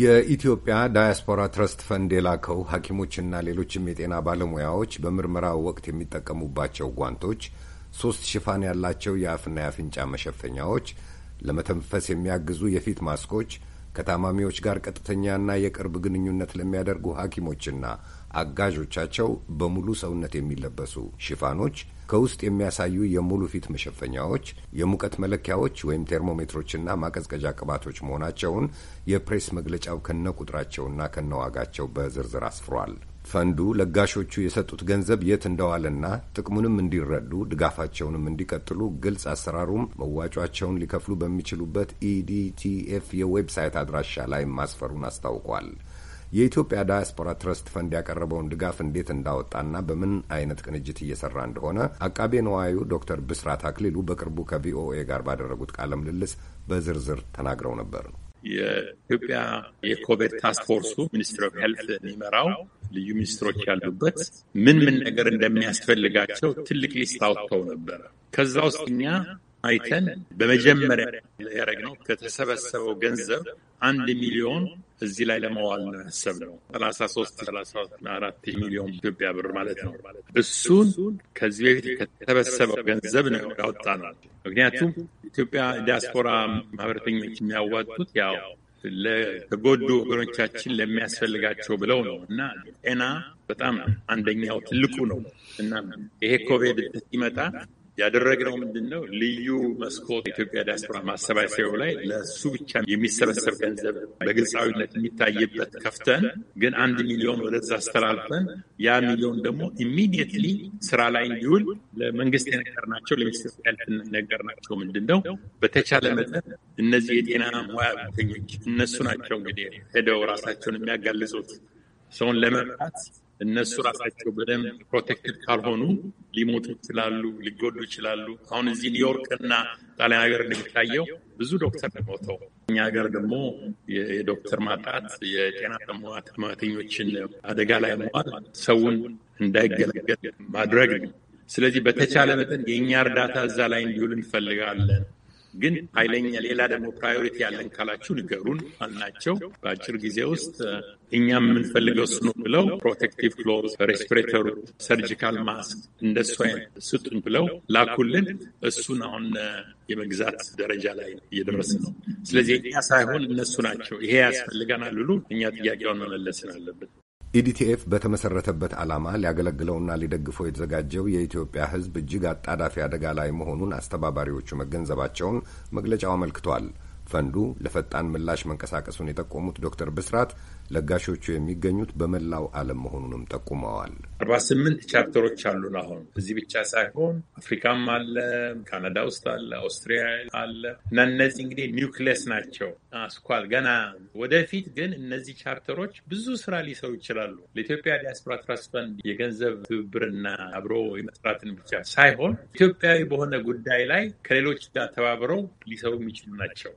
የኢትዮጵያ ዳያስፖራ ትረስት ፈንድ የላከው ሐኪሞችና ሌሎችም የጤና ባለሙያዎች በምርመራ ወቅት የሚጠቀሙባቸው ጓንቶች፣ ሶስት ሽፋን ያላቸው የአፍና የአፍንጫ መሸፈኛዎች፣ ለመተንፈስ የሚያግዙ የፊት ማስኮች ከታማሚዎች ጋር ቀጥተኛና የቅርብ ግንኙነት ለሚያደርጉ ሐኪሞችና አጋዦቻቸው በሙሉ ሰውነት የሚለበሱ ሽፋኖች፣ ከውስጥ የሚያሳዩ የሙሉ ፊት መሸፈኛዎች፣ የሙቀት መለኪያዎች ወይም ቴርሞሜትሮችና ማቀዝቀዣ ቅባቶች መሆናቸውን የፕሬስ መግለጫው ከነ ቁጥራቸውና ከነ ዋጋቸው በዝርዝር አስፍሯል። ፈንዱ ለጋሾቹ የሰጡት ገንዘብ የት እንደዋለና ጥቅሙንም እንዲረዱ ድጋፋቸውንም እንዲቀጥሉ ግልጽ አሰራሩም መዋጯቸውን ሊከፍሉ በሚችሉበት ኢዲቲኤፍ e የዌብሳይት አድራሻ ላይ ማስፈሩን አስታውቋል። የኢትዮጵያ ዳያስፖራ ትረስት ፈንድ ያቀረበውን ድጋፍ እንዴት እንዳወጣና በምን አይነት ቅንጅት እየሰራ እንደሆነ አቃቤ ነዋዩ ዶክተር ብስራት አክሊሉ በቅርቡ ከቪኦኤ ጋር ባደረጉት ቃለ ምልልስ በዝርዝር ተናግረው ነበር። የኢትዮጵያ የኮቪድ ታስክ ፎርሱ ሚኒስትር ኦፍ ሄልት የሚመራው ልዩ ሚኒስትሮች ያሉበት ምን ምን ነገር እንደሚያስፈልጋቸው ትልቅ ሊስት አውጥተው ነበረ። ከዛ ውስጥ እኛ አይተን በመጀመሪያ ያደረግነው ከተሰበሰበው ገንዘብ አንድ ሚሊዮን እዚህ ላይ ለመዋል ነው ያሰብነው። ሰላሳ ሶስት ሰላሳ አራት ሚሊዮን ኢትዮጵያ ብር ማለት ነው። እሱን ከዚህ በፊት ከተሰበሰበው ገንዘብ ነው ያወጣነው። ምክንያቱም ኢትዮጵያ ዲያስፖራ ማህበረተኞች የሚያዋጡት ያው ለተጎዱ ወገኖቻችን ለሚያስፈልጋቸው ብለው ነው እና ጤና በጣም አንደኛው ትልቁ ነው እና ይሄ ኮቪድ ሲመጣ ያደረግነው ምንድን ነው? ልዩ መስኮት ኢትዮጵያ ዲያስፖራ ማሰባሰቢያው ላይ ለሱ ብቻ የሚሰበሰብ ገንዘብ በግልጻዊነት የሚታይበት ከፍተን ግን አንድ ሚሊዮን ወደዛ አስተላልፈን ያ ሚሊዮን ደግሞ ኢሚዲየትሊ ስራ ላይ እንዲውል ለመንግስት የነገርናቸው ለሚኒስትር የነገርናቸው ምንድን ነው በተቻለ መጠን እነዚህ የጤና ሙያ እነሱ ናቸው እንግዲህ ሄደው ራሳቸውን የሚያጋልጹት ሰውን ለመምጣት እነሱ ራሳቸው በደንብ ፕሮቴክትድ ካልሆኑ ሊሞቱ ይችላሉ፣ ሊጎዱ ይችላሉ። አሁን እዚህ ኒውዮርክ እና ጣሊያን ሀገር እንደሚታየው ብዙ ዶክተር ሞተው፣ እኛ ሀገር ደግሞ የዶክተር ማጣት የጤና ሕሙማተኞችን አደጋ ላይ መዋል ሰውን እንዳይገለገል ማድረግ ነው። ስለዚህ በተቻለ መጠን የእኛ እርዳታ እዛ ላይ እንዲውል እንፈልጋለን። ግን ኃይለኛ ሌላ ደግሞ ፕራዮሪቲ ያለን ካላችሁ ንገሩን አልናቸው። በአጭር ጊዜ ውስጥ እኛም የምንፈልገው ስኑ ብለው ፕሮቴክቲቭ ክሎዝ፣ ሬስፒሬተሩ፣ ሰርጂካል ማስክ እንደሱ አይነት ስጡን ብለው ላኩልን። እሱን አሁን የመግዛት ደረጃ ላይ እየደረስ ነው። ስለዚህ እኛ ሳይሆን እነሱ ናቸው ይሄ ያስፈልገናል ብሉ እኛ ጥያቄውን መመለስን አለብን። ኢዲቲኤፍ በተመሰረተበት ዓላማ ሊያገለግለውና ሊደግፈው የተዘጋጀው የኢትዮጵያ ሕዝብ እጅግ አጣዳፊ አደጋ ላይ መሆኑን አስተባባሪዎቹ መገንዘባቸውን መግለጫው አመልክቷል። ፈንዱ ለፈጣን ምላሽ መንቀሳቀሱን የጠቆሙት ዶክተር ብስራት ለጋሾቹ የሚገኙት በመላው ዓለም መሆኑንም ጠቁመዋል። አርባ ስምንት ቻፕተሮች አሉን። አሁን እዚህ ብቻ ሳይሆን አፍሪካም አለ፣ ካናዳ ውስጥ አለ፣ አውስትሪያ አለ እና እነዚህ እንግዲህ ኒውክሌስ ናቸው። አስኳል ገና ወደፊት ግን እነዚህ ቻፕተሮች ብዙ ስራ ሊሰሩ ይችላሉ። ለኢትዮጵያ ዲያስፖራ ትራስት ፈንድ የገንዘብ ትብብርና አብሮ የመስራትን ብቻ ሳይሆን ኢትዮጵያዊ በሆነ ጉዳይ ላይ ከሌሎች ጋር ተባብረው ሊሰሩ የሚችሉ ናቸው።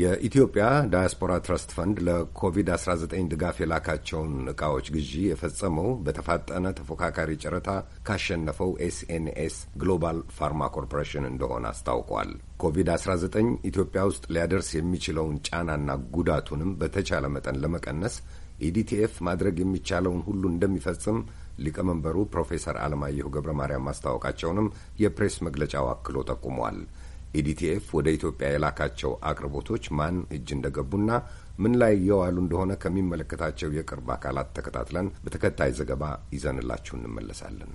የኢትዮጵያ ዳያስፖራ ትረስት ፈንድ ለኮቪድ-19 ድጋፍ የላካቸውን ዕቃዎች ግዢ የፈጸመው በተፋጠነ ተፎካካሪ ጨረታ ካሸነፈው ኤስኤንኤስ ግሎባል ፋርማ ኮርፖሬሽን እንደሆነ አስታውቋል። ኮቪድ-19 ኢትዮጵያ ውስጥ ሊያደርስ የሚችለውን ጫናና ጉዳቱንም በተቻለ መጠን ለመቀነስ ኢዲቲኤፍ ማድረግ የሚቻለውን ሁሉ እንደሚፈጽም ሊቀመንበሩ ፕሮፌሰር አለማየሁ ገብረ ማርያም ማስታወቃቸውንም የፕሬስ መግለጫው አክሎ ጠቁሟል። ኢዲቲኤፍ ወደ ኢትዮጵያ የላካቸው አቅርቦቶች ማን እጅ እንደገቡና ምን ላይ የዋሉ እንደሆነ ከሚመለከታቸው የቅርብ አካላት ተከታትለን በተከታይ ዘገባ ይዘንላችሁ እንመለሳለን።